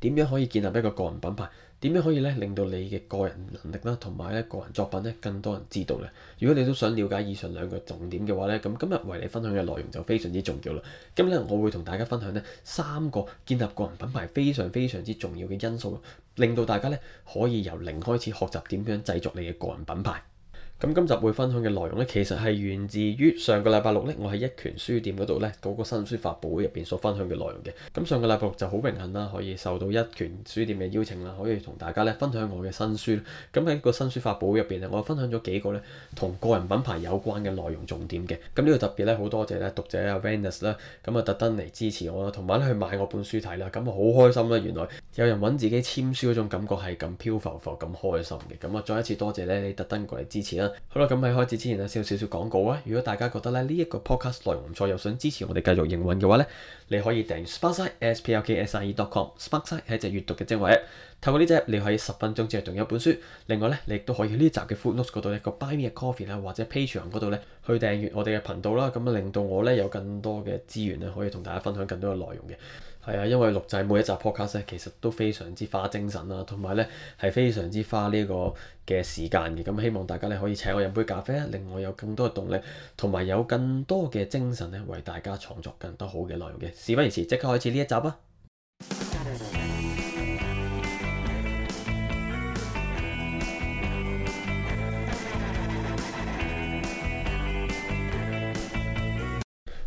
點樣可以建立一個個人品牌？點樣可以咧令到你嘅個人能力啦，同埋咧個人作品咧更多人知道咧？如果你都想了解以上兩個重點嘅話咧，咁今日為你分享嘅內容就非常之重要啦。今日我會同大家分享咧三個建立個人品牌非常非常之重要嘅因素，令到大家咧可以由零開始學習點樣製作你嘅個人品牌。咁今集會分享嘅內容呢，其實係源自於上個禮拜六呢，我喺一拳書店嗰度呢，嗰、嗰個新書發佈會入邊所分享嘅內容嘅。咁上個禮拜六就好榮幸啦，可以受到一拳書店嘅邀請啦，可以同大家呢分享我嘅新書。咁喺個新書發佈會入邊呢，我分享咗幾個呢同個人品牌有關嘅內容重點嘅。咁呢個特別呢，好多謝呢讀者阿 Venus 啦，咁啊特登嚟支持我，同埋咧去買我本書睇啦。咁啊好開心啦，原來有人揾自己簽書嗰種感覺係咁飄浮浮咁開心嘅。咁啊再一次多謝呢你特登過嚟支持啦～好啦，咁喺開始之前咧，先有少少廣告啊！如果大家覺得咧呢一個 podcast 內容唔錯，又想支持我哋繼續營運嘅話呢，你可以訂閱 s p a r k s i d e s p a r k s i d e c o m Sparkside 係一隻閱讀嘅應位。透過呢隻你可以十分鐘，之後仲有一本書。另外呢，你亦都可以喺呢集嘅 footnotes 嗰度一個 buy me a coffee 啊，或者 Patreon 嗰度呢，去訂閱我哋嘅頻道啦。咁啊，令到我呢，有更多嘅資源咧，可以同大家分享更多嘅內容嘅。係啊，因為錄製每一集 podcast 咧，其實都非常之花精神啦，同埋咧係非常之花呢個嘅時間嘅。咁希望大家咧可以請我飲杯咖啡啊，令我有更多嘅動力，同埋有更多嘅精神咧，為大家創作更多好嘅內容嘅。事不宜遲，即刻開始呢一集啊！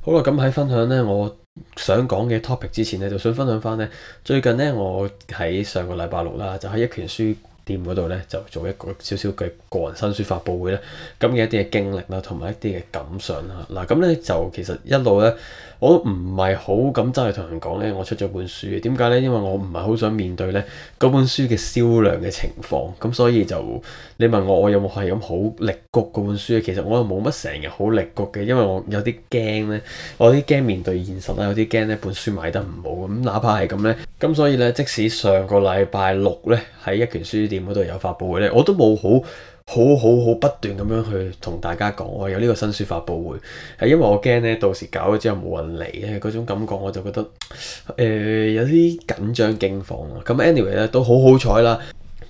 好啦，咁喺分享呢我想講嘅 topic 之前呢就想分享返呢最近呢我喺上個禮拜六啦，就喺一拳書店嗰度咧就做一個少少嘅個人新書發布會啦，咁嘅一啲嘅經歷啦，同埋一啲嘅感想啦。嗱，咁咧就其實一路咧，我都唔係好敢真係同人講咧，我出咗本書嘅。點解咧？因為我唔係好想面對咧嗰本書嘅銷量嘅情況，咁所以就你問我，我有冇係咁好力谷嗰本書？其實我又冇乜成日好力谷嘅，因為我有啲驚咧，我有啲驚面對現實啦，有啲驚咧本書賣得唔好。咁哪怕係咁咧，咁所以咧，即使上個禮拜六咧喺一拳書店。嗰度有發布會咧，我都冇好好好好不斷咁樣去同大家講，我有呢個新書發布會，係因為我驚咧，到時搞咗之後冇人嚟咧，嗰種感覺我就覺得誒、呃、有啲緊張驚慌啊。咁 anyway 咧都好好彩啦，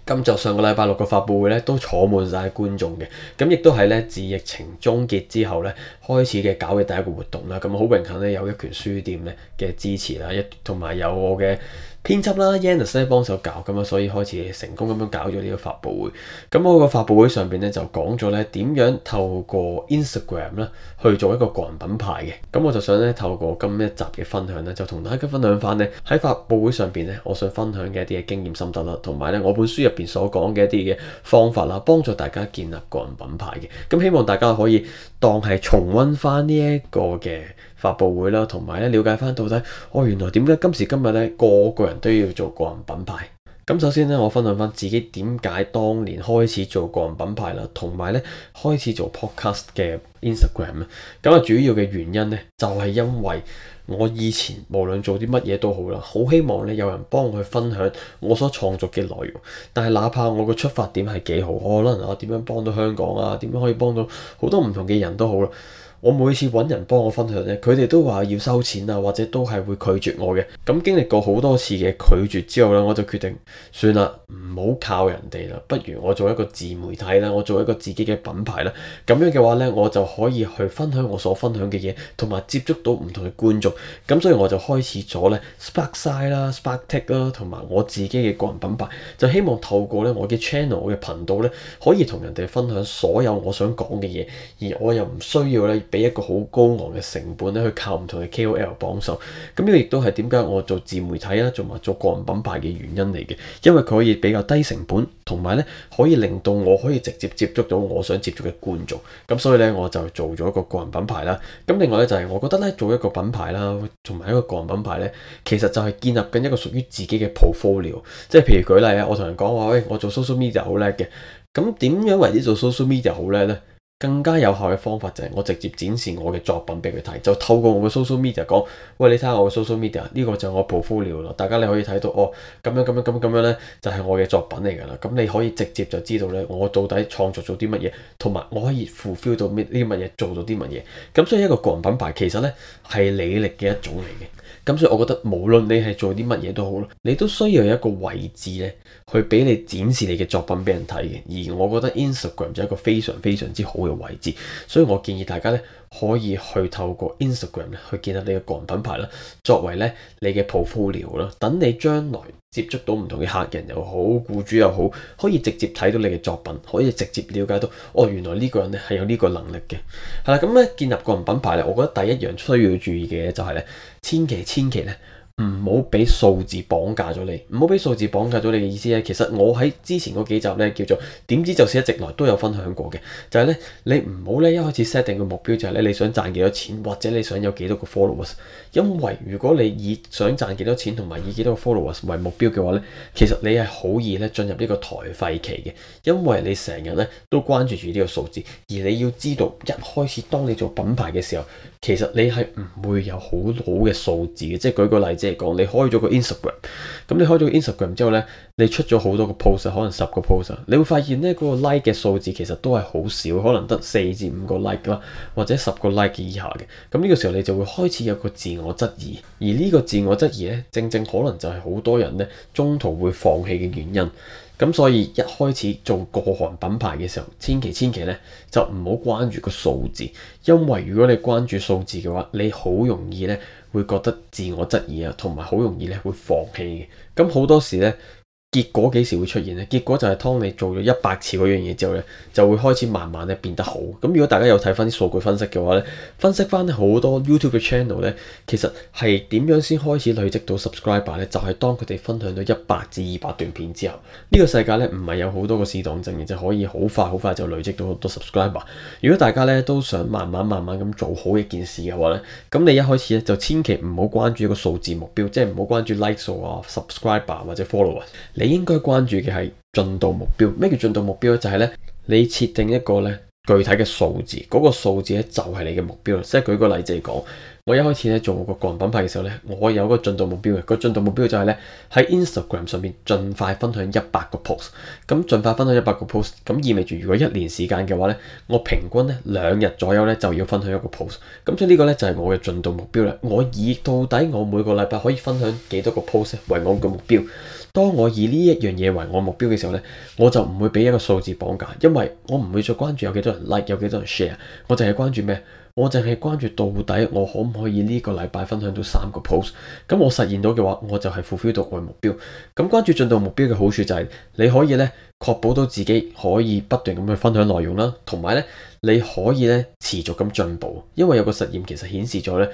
今集上個禮拜六嘅發布會咧都坐滿晒觀眾嘅，咁亦都係咧自疫情終結之後咧。開始嘅搞嘅第一個活動啦，咁、啊、好榮幸咧，有一拳書店咧嘅支持啦，一同埋有我嘅編輯啦、啊、Yanice 幫手搞，咁啊所以開始成功咁樣搞咗呢個發佈會。咁、啊、我個發佈會上邊咧就講咗咧點樣透過 Instagram 啦去做一個個人品牌嘅。咁、啊、我就想咧透過今一集嘅分享咧，就同大家分享翻咧喺發佈會上邊咧，我想分享嘅一啲嘅經驗心得啦，同埋咧我本書入邊所講嘅一啲嘅方法啦、啊，幫助大家建立個人品牌嘅。咁、啊啊、希望大家可以當係重温揾翻呢一個嘅發布會啦，同埋咧了解翻到底，哦原來點解今時今日咧個個人都要做個人品牌？咁首先咧，我分享翻自己點解當年開始做個人品牌啦，同埋咧開始做 podcast 嘅 Instagram 咧。咁啊，主要嘅原因咧就係、是、因為我以前無論做啲乜嘢都好啦，好希望咧有人幫我去分享我所創作嘅內容。但係哪怕我嘅出發點係幾好，我可能我點、啊、樣幫到香港啊，點樣可以幫到好多唔同嘅人都好啦。我每次揾人幫我分享呢，佢哋都話要收錢啊，或者都係會拒絕我嘅。咁經歷過好多次嘅拒絕之後呢，我就決定算啦，唔好靠人哋啦，不如我做一個自媒體啦，我做一個自己嘅品牌啦。咁樣嘅話呢，我就可以去分享我所分享嘅嘢，同埋接觸到唔同嘅觀眾。咁所以我就開始咗呢、Spark、Sparkside 啦 Sparktick 啦，同埋我自己嘅個人品牌，就希望透過呢我嘅 channel、我嘅頻道、頻道呢，可以同人哋分享所有我想講嘅嘢，而我又唔需要呢，俾一個好高昂嘅成本咧，去靠唔同嘅 KOL 幫手，咁呢個亦都係點解我做自媒體啊，做埋做個人品牌嘅原因嚟嘅。因為佢可以比較低成本，同埋咧可以令到我可以直接接觸到我想接觸嘅觀眾。咁所以咧，我就做咗一個個人品牌啦。咁另外咧就係、是、我覺得咧做一個品牌啦，同埋一個個人品牌咧，其實就係建立緊一個屬於自己嘅 portfolio。即係譬如舉例啊，我同人講話，喂，我做 social media 就好叻嘅。咁點樣為之做 social media 就好叻咧？更加有效嘅方法就係我直接展示我嘅作品俾佢睇，就透過我嘅 social media 講，喂，你睇下我嘅 social media 呢個就我 profile 啦，大家你可以睇到，哦，咁樣咁樣咁樣咁樣咧，就係我嘅作品嚟噶啦，咁你可以直接就知道咧，我到底創作咗啲乜嘢，同埋我可以 fulfill 到呢啲乜嘢做到啲乜嘢，咁所以一個個人品牌其實咧係履歷嘅一種嚟嘅。咁所以，我覺得無論你係做啲乜嘢都好啦，你都需要有一個位置咧，去俾你展示你嘅作品俾人睇嘅。而我覺得 Instagram 就係一個非常非常之好嘅位置，所以我建議大家咧可以去透過 Instagram 咧去建立你嘅個人品牌啦，作為咧你嘅 portfolio 啦，等你將來。接觸到唔同嘅客人又好、僱主又好，可以直接睇到你嘅作品，可以直接了解到哦，原來呢個人咧係有呢個能力嘅。係啦，咁咧建立個人品牌咧，我覺得第一樣需要注意嘅就係咧，千祈千祈咧。唔好俾數字綁架咗你，唔好俾數字綁架咗你嘅意思咧。其實我喺之前嗰幾集咧叫做點知，就是一直來都有分享過嘅。就係咧，你唔好咧一開始 set 定嘅目標就係咧你想賺幾多錢，或者你想有幾多個 followers。因為如果你以想賺幾多錢同埋以幾多個 followers 為目標嘅話咧，其實你係好易咧進入呢個台廢期嘅，因為你成日咧都關注住呢個數字，而你要知道一開始當你做品牌嘅時候。其實你係唔會有好好嘅數字嘅，即係舉個例子嚟講，你開咗個 Instagram，咁你開咗個 Instagram 之後呢，你出咗好多個 post，可能十個 post，你會發現呢嗰個 like 嘅數字其實都係好少，可能得四至五個 like 啦，或者十個 like 以下嘅，咁呢個時候你就會開始有個自我質疑，而呢個自我質疑呢，正正可能就係好多人呢中途會放棄嘅原因。咁所以一開始做國行品牌嘅時候，千祈千祈咧就唔好關注個數字，因為如果你關注數字嘅話，你好容易咧會覺得自我質疑啊，同埋好容易咧會放棄嘅。咁好多時咧。結果幾時會出現呢？結果就係當你做咗一百次嗰樣嘢之後呢，就會開始慢慢咧變得好。咁如果大家有睇翻啲數據分析嘅話呢，分析翻好多 YouTube 嘅 channel 咧，其實係點樣先開始累積到 subscriber、er、呢？就係、是、當佢哋分享到一百至二百段片之後，呢、呢個世界呢唔係有好多個試當真，而就可以好快好快就累積到好多 subscriber、er。如果大家呢都想慢慢慢慢咁做好一件事嘅話呢，咁你一開始呢，就千祈唔好關注一個數字目標，即係唔好關注 like 數啊、subscriber 或，或者 follower。你應該關注嘅係進度目標。咩叫進度目標咧？就係咧，你設定一個咧具體嘅數字，嗰個數字咧就係你嘅目標。即係舉個例子嚟講，我一開始咧做個個人品牌嘅時候咧，我有個進度目標嘅。個進度目標就係咧喺 Instagram 上面盡快分享一百個 post。咁盡快分享一百個 post，咁意味住如果一年時間嘅話咧，我平均咧兩日左右咧就要分享一個 post。咁所以呢個咧就係我嘅進度目標啦。我以到底我每個禮拜可以分享幾多個 post 為我嘅目標。當我以呢一樣嘢為我目標嘅時候呢，我就唔會俾一個數字綁架，因為我唔會再關注有幾多人 like，有幾多人 share，我淨係關注咩？我淨係關注到底我可唔可以呢個禮拜分享到三個 post，咁我實現到嘅話，我就係 fulfill 到我嘅目標。咁關注進度目標嘅好處就係，是，你可以咧確保到自己可以不斷咁去分享內容啦，同埋咧你可以咧持續咁進步，因為有個實驗其實顯示咗咧，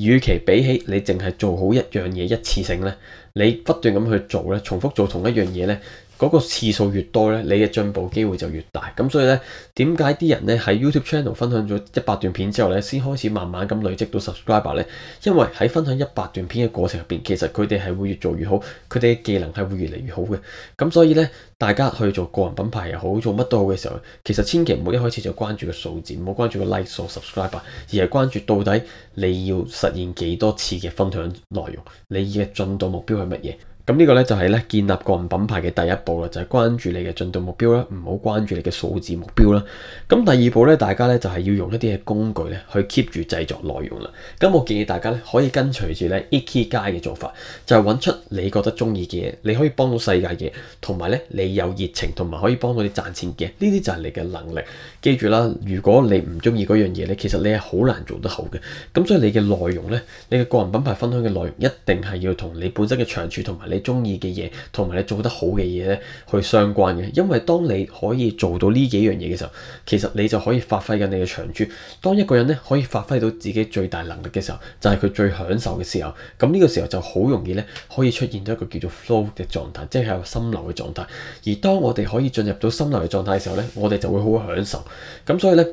與其比起你淨係做好一樣嘢一次性咧，你不斷咁去做咧，重複做同一樣嘢咧。嗰個次數越多咧，你嘅進步機會就越大。咁所以咧，點解啲人咧喺 YouTube channel 分享咗一百段片之後咧，先開始慢慢咁累積到 subscriber 咧？因為喺分享一百段片嘅過程入邊，其實佢哋係會越做越好，佢哋嘅技能係會越嚟越好嘅。咁所以咧，大家去做個人品牌又好，做乜都好嘅時候，其實千祈唔好一開始就關注個數字，唔好關注個 like 數、subscriber，而係關注到底你要實現幾多次嘅分享內容，你嘅進度目標係乜嘢？咁呢個咧就係咧建立個人品牌嘅第一步啦，就係、是、關注你嘅進度目標啦，唔好關注你嘅數字目標啦。咁第二步咧，大家咧就係要用一啲嘅工具咧去 keep 住製作內容啦。咁我建議大家咧可以跟隨住咧 Ikigai 嘅做法，就係、是、揾出你覺得中意嘅嘢，你可以幫到世界嘅，同埋咧你有熱情同埋可以幫到你賺錢嘅，呢啲就係你嘅能力。記住啦，如果你唔中意嗰樣嘢咧，其實你係好難做得好嘅。咁所以你嘅內容咧，你嘅個人品牌分享嘅內容一定係要同你本身嘅長處同埋你中意嘅嘢，同埋你做得好嘅嘢咧，去相關嘅。因為當你可以做到呢幾樣嘢嘅時候，其實你就可以發揮緊你嘅長處。當一個人咧可以發揮到自己最大能力嘅時候，就係佢最享受嘅時候。咁呢個時候就好容易咧可以出現咗一個叫做 flow 嘅狀態，即係有心流嘅狀態。而當我哋可以進入到心流嘅狀態嘅時候咧，我哋就會好享受。咁所以咧。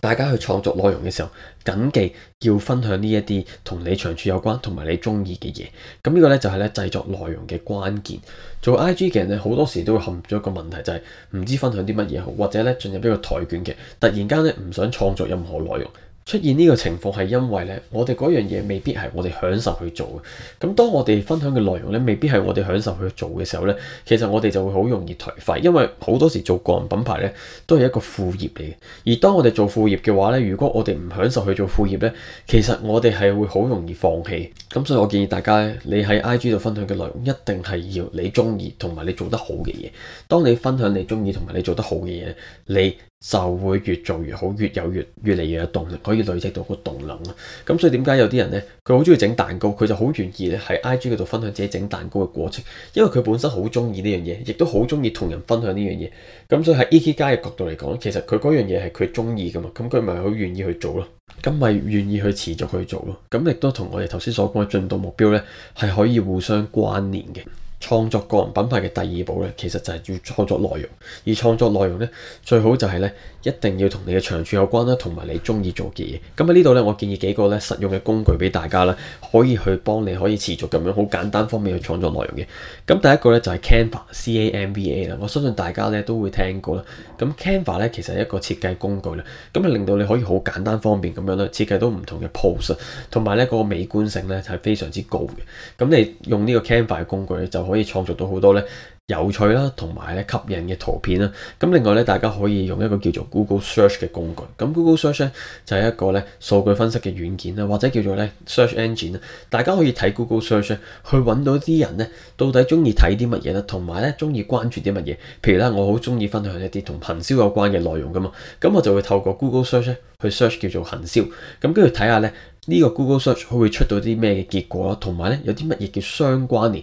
大家去創作內容嘅時候，緊記要分享呢一啲同你長處有關同埋你鍾意嘅嘢。咁呢個咧就係咧製作內容嘅關鍵。做 IG 嘅人咧，好多時都會陷入咗一個問題，就係、是、唔知分享啲乜嘢，或者咧進入一個台卷嘅，突然間咧唔想創作任何內容。出現呢個情況係因為呢，我哋嗰樣嘢未必係我哋享受去做嘅。咁當我哋分享嘅內容呢，未必係我哋享受去做嘅時候呢，其實我哋就會好容易頹廢。因為好多時做個人品牌呢，都係一個副業嚟嘅。而當我哋做副業嘅話呢，如果我哋唔享受去做副業呢，其實我哋係會好容易放棄。咁所以我建議大家你喺 IG 度分享嘅內容一定係要你中意同埋你做得好嘅嘢。當你分享你中意同埋你做得好嘅嘢，你就會越做越好，越有越越嚟越有動力，可以累積到個動能咯。咁所以點解有啲人呢？佢好中意整蛋糕，佢就好願意咧喺 I G 嗰度分享自己整蛋糕嘅過程，因為佢本身好中意呢樣嘢，亦都好中意同人分享呢樣嘢。咁所以喺 E K 加嘅角度嚟講，其實佢嗰樣嘢係佢中意噶嘛，咁佢咪好願意去做咯，咁咪願意去持續去做咯。咁亦都同我哋頭先所講嘅進度目標呢，係可以互相關聯嘅。創作個人品牌嘅第二步咧，其實就係要創作內容，而創作內容咧，最好就係咧一定要同你嘅長處有關啦，同埋你中意做嘅嘢。咁喺呢度咧，我建議幾個咧實用嘅工具俾大家啦，可以去幫你可以持續咁樣好簡單方面去創作內容嘅。咁第一個咧就係 Canva，C-A-N-V-A 啦，我相信大家咧都會聽過啦。咁 Canva 咧其實係一個設計工具啦，咁啊令到你可以好簡單方便咁樣咧設計到唔同嘅 post 同埋咧嗰個美觀性咧係非常之高嘅。咁你用呢個 Canva 嘅工具呢就可以創造到好多咧有趣啦，同埋咧吸引嘅圖片啦。咁另外咧，大家可以用一個叫做 Google Search 嘅工具。咁 Google Search 呢就係一個咧數據分析嘅軟件啦，或者叫做咧 search engine 啦。大家可以睇 Google Search 去揾到啲人咧到底中意睇啲乜嘢啦，同埋咧中意關注啲乜嘢。譬如咧，我好中意分享一啲同行銷有關嘅內容噶嘛，咁我就會透過 Google Search 去 search 叫做行銷咁，跟住睇下咧呢個 Google Search 佢會出到啲咩嘅結果，同埋咧有啲乜嘢叫相關聯。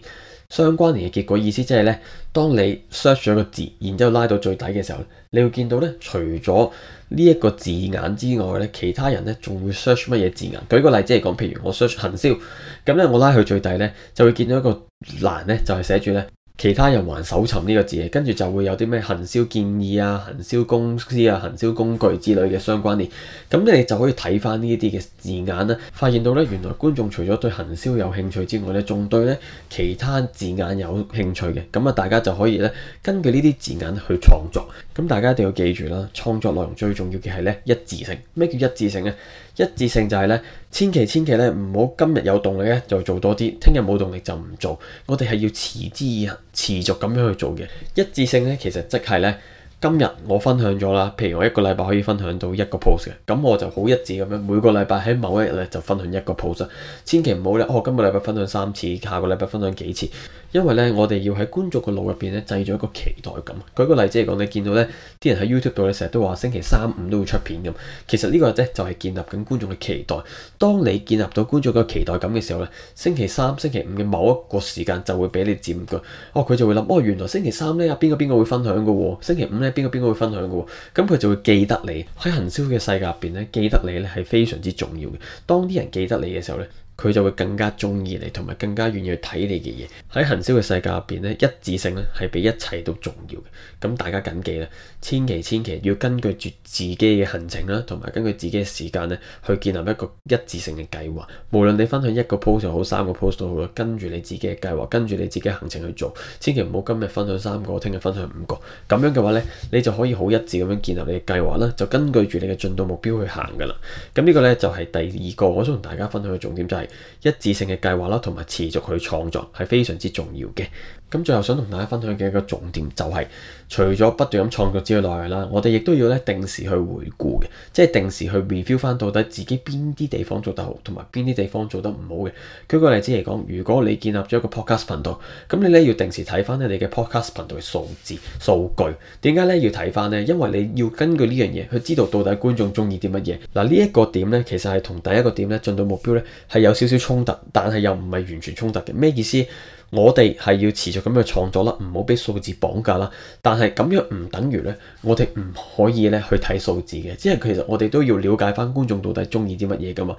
相關連嘅結果意思即係咧，當你 search 咗個字，然之後拉到最底嘅時候，你會見到咧，除咗呢一個字眼之外咧，其他人咧仲會 search 乜嘢字眼？舉個例子嚟講，譬如我 search 行銷，咁咧我拉去最底咧，就會見到一個欄咧，就係寫住咧。其他人還搜尋呢個字，跟住就會有啲咩行銷建議啊、行銷公司啊、行銷工具之類嘅相關連。咁你就可以睇翻呢啲嘅字眼啦，發現到咧原來觀眾除咗對行銷有興趣之外，咧仲對咧其他字眼有興趣嘅。咁啊，大家就可以咧根據呢啲字眼去創作。咁大家一定要記住啦，創作內容最重要嘅係咧一致性。咩叫一致性呢？一致性就係咧，千祈千祈咧唔好今日有動力咧就做多啲，聽日冇動力就唔做。我哋係要持之以恒，持續咁樣去做嘅。一致性咧，其實即係咧。今日我分享咗啦，譬如我一個禮拜可以分享到一個 post 嘅，咁我就好一致咁樣，每個禮拜喺某一日咧就分享一個 post。千祈唔好咧，哦，今個禮拜分享三次，下個禮拜分享幾次，因為咧我哋要喺觀眾嘅腦入邊咧製造一個期待感。舉個例子嚟講，你見到咧啲人喺 YouTube 度咧成日都話星期三五都會出片咁，其實呢個咧就係建立緊觀眾嘅期待。當你建立到觀眾嘅期待感嘅時候咧，星期三、星期五嘅某一個時間就會俾你佔據，哦，佢就會諗，哦，原來星期三咧啊邊個邊個個會分享嘅，星期五咧。邊個邊個會分享嘅？咁佢就會記得你，喺行銷嘅世界入邊咧，記得你咧係非常之重要嘅。當啲人記得你嘅時候咧。佢就會更加中意你，同埋更加願意去睇你嘅嘢。喺行銷嘅世界入邊咧，一致性咧係比一切都重要嘅。咁大家緊記啦，千祈千祈要根據住自己嘅行程啦，同埋根據自己嘅時間咧，去建立一個一致性嘅計劃。無論你分享一個 post 好，三個 post 都好咯，跟住你自己嘅計劃，跟住你自己行程去做。千祈唔好今日分享三個，聽日分享五個。咁樣嘅話咧，你就可以好一致咁樣建立你嘅計劃啦，就根據住你嘅進度目標去行噶啦。咁呢個咧就係第二個我想同大家分享嘅重點就係、是。一致性嘅計劃啦，同埋持續去創作，係非常之重要嘅。咁最後想同大家分享嘅一個重點就係，除咗不斷咁創作之外內啦，我哋亦都要咧定時去回顧嘅，即係定時去 review 翻到底自己邊啲地方做得好，同埋邊啲地方做得唔好嘅。舉個例子嚟講，如果你建立咗一個 podcast 頻道，咁你咧要定時睇翻咧你嘅 podcast 頻道嘅數字數據。點解咧要睇翻咧？因為你要根據呢樣嘢去知道到底觀眾中意啲乜嘢。嗱呢一個點咧，其實係同第一個點咧進到目標咧係有少少衝突，但係又唔係完全衝突嘅。咩意思？我哋係要持續咁去創作啦，唔好俾數字綁架啦。但係咁樣唔等於呢，我哋唔可以呢去睇數字嘅，即係其實我哋都要了解翻觀眾到底中意啲乜嘢噶嘛。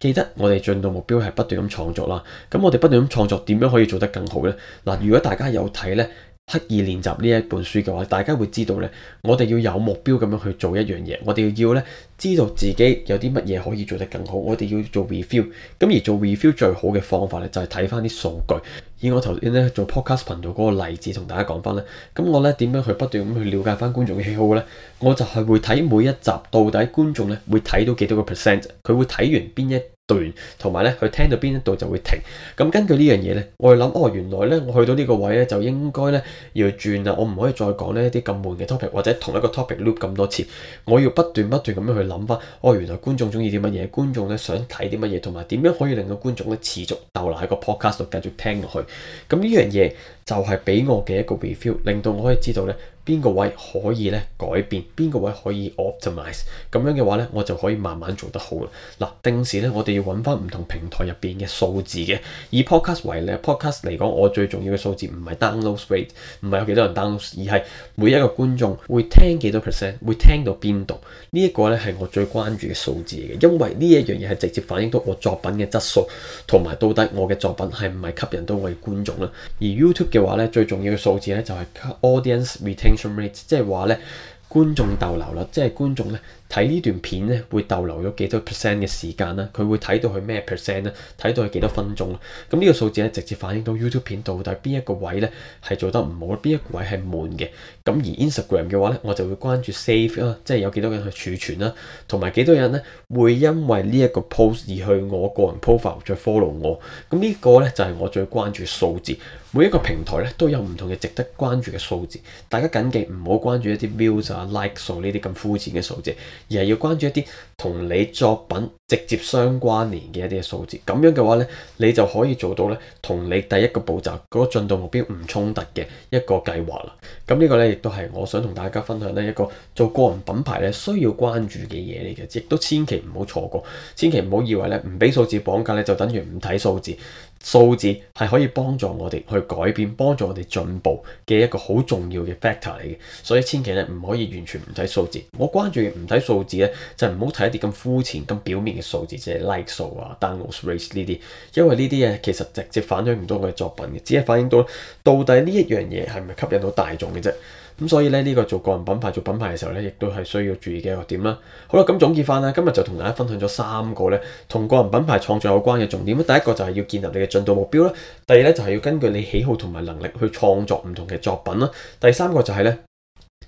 記得我哋進度目標係不斷咁創作啦。咁我哋不斷咁創作，點樣可以做得更好呢？嗱，如果大家有睇呢刻意練習呢一本書嘅話，大家會知道呢，我哋要有目標咁樣去做一樣嘢，我哋要呢知道自己有啲乜嘢可以做得更好，我哋要做 review。咁而做 review 最好嘅方法呢，就係睇翻啲數據。以我頭先咧做 podcast 頻道嗰個例子，同大家講翻咧，咁我咧點樣去不斷咁去了解翻觀眾嘅喜好咧？我就係會睇每一集到底觀眾咧會睇到幾多個 percent，佢會睇完邊一段，同埋咧佢聽到邊一度就會停。咁根據呢樣嘢咧，我係諗哦，原來咧我去到呢個位咧就應該咧要轉啦，我唔可以再講呢一啲咁悶嘅 topic 或者同一個 topic loop 咁多次。我要不斷不斷咁樣去諗翻，哦，原來觀眾鍾意啲乜嘢，觀眾咧想睇啲乜嘢，同埋點樣可以令到觀眾咧持續逗留喺個 podcast 度繼續聽落去。咁呢樣嘢就係俾我嘅一個 r e f i e l 令到我可以知道呢，邊個位可以咧改變？邊個位可以 optimize？咁樣嘅話咧，我就可以慢慢做得好啦。嗱，定時咧，我哋要揾翻唔同平台入邊嘅數字嘅。以 podcast 為例，podcast 嚟講，我最重要嘅數字唔係 download rate，唔係有幾多人 download，而係每一個觀眾會聽幾多 percent，會聽到邊度？呢一個咧係我最關注嘅數字嚟嘅，因為呢一樣嘢係直接反映到我作品嘅質素，同埋到底我嘅作品係唔係吸引到我嘅觀眾啦。而 YouTube 嘅話咧，最重要嘅數字咧就係 audience retain。即係話咧，觀眾逗留啦，即係觀眾咧。睇呢段片咧，會逗留咗幾多 percent 嘅時間啦？佢會睇到佢咩 percent 咧？睇到佢幾多分鐘啦？咁呢個數字咧，直接反映到 YouTube 片到底邊一個位咧係做得唔好，邊一個位係悶嘅。咁而 Instagram 嘅話咧，我就會關注 save 啦、啊，即係有幾多人去儲存啦，同、啊、埋幾多人咧會因為呢一個 post 而去我個人 profile 再 follow 我。咁呢個咧就係、是、我最關注嘅數字。每一個平台咧都有唔同嘅值得關注嘅數字。大家緊記唔好關注一啲 views 啊、like 數呢啲咁膚淺嘅數字。而係要關注一啲同你作品直接相關聯嘅一啲數字，咁樣嘅話呢，你就可以做到呢同你第一個步驟嗰個進度目標唔衝突嘅一個計劃啦。咁呢個呢，亦都係我想同大家分享呢一個做個人品牌呢需要關注嘅嘢嚟嘅，亦都千祈唔好錯過，千祈唔好以為呢唔俾數字綁架呢，就等於唔睇數字。數字係可以幫助我哋去改變、幫助我哋進步嘅一個好重要嘅 factor 嚟嘅，所以千祈咧唔可以完全唔睇數字。我關注唔睇數字咧，就唔好睇一啲咁膚淺、咁表面嘅數字，即係 like 數啊、download rates 呢啲，因為呢啲啊，其實直接反映唔到我嘅作品嘅，只係反映到到底呢一樣嘢係咪吸引到大眾嘅啫。咁所以呢，呢個做個人品牌做品牌嘅時候呢，亦都係需要注意嘅一個點啦。好啦，咁總結翻啦，今日就同大家分享咗三個呢同個人品牌創作有關嘅重點。第一個就係要建立你嘅進度目標啦。第二呢，就係要根據你喜好同埋能力去創作唔同嘅作品啦。第三個就係呢，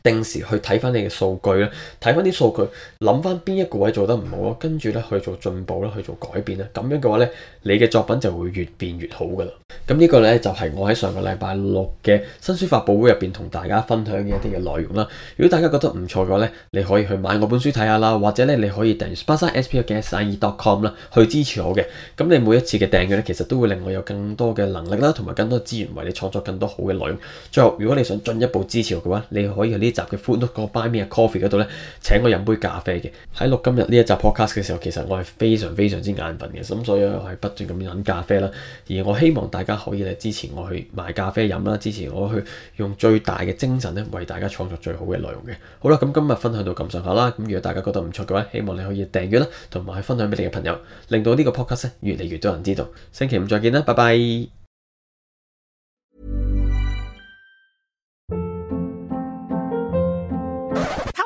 定時去睇翻你嘅數據咧，睇翻啲數據，諗翻邊一個位做得唔好咯，跟住咧去做進步啦，去做改變咧，咁樣嘅話咧，你嘅作品就會越變越好噶啦。咁呢個咧就係我喺上個禮拜六嘅新書發布會入邊同大家分享嘅一啲嘅內容啦。如果大家覺得唔錯嘅話咧，你可以去買我本書睇下啦，或者咧你可以訂閱巴生 sp 嘅 sine.com 啦，去支持我嘅。咁你每一次嘅訂閱咧，其實都會令我有更多嘅能力啦，同埋更多資源為你創作更多好嘅內容。最後，如果你想進一步支持我嘅話，你可以集嘅《footnote》嗰個 Buy Me A Coffee 嗰度咧，請我飲杯咖啡嘅。喺錄今日呢一集 Podcast 嘅時候，其實我係非常非常之眼瞓嘅，咁所以我係不斷咁飲咖啡啦。而我希望大家可以嚟支持我去買咖啡飲啦，支持我去用最大嘅精神咧，為大家創作最好嘅內容嘅。好啦，咁、嗯、今日分享到咁上下啦。咁如果大家覺得唔錯嘅話，希望你可以訂閱啦，同埋分享俾你嘅朋友，令到呢個 Podcast 咧越嚟越多人知道。星期五再見啦，拜拜。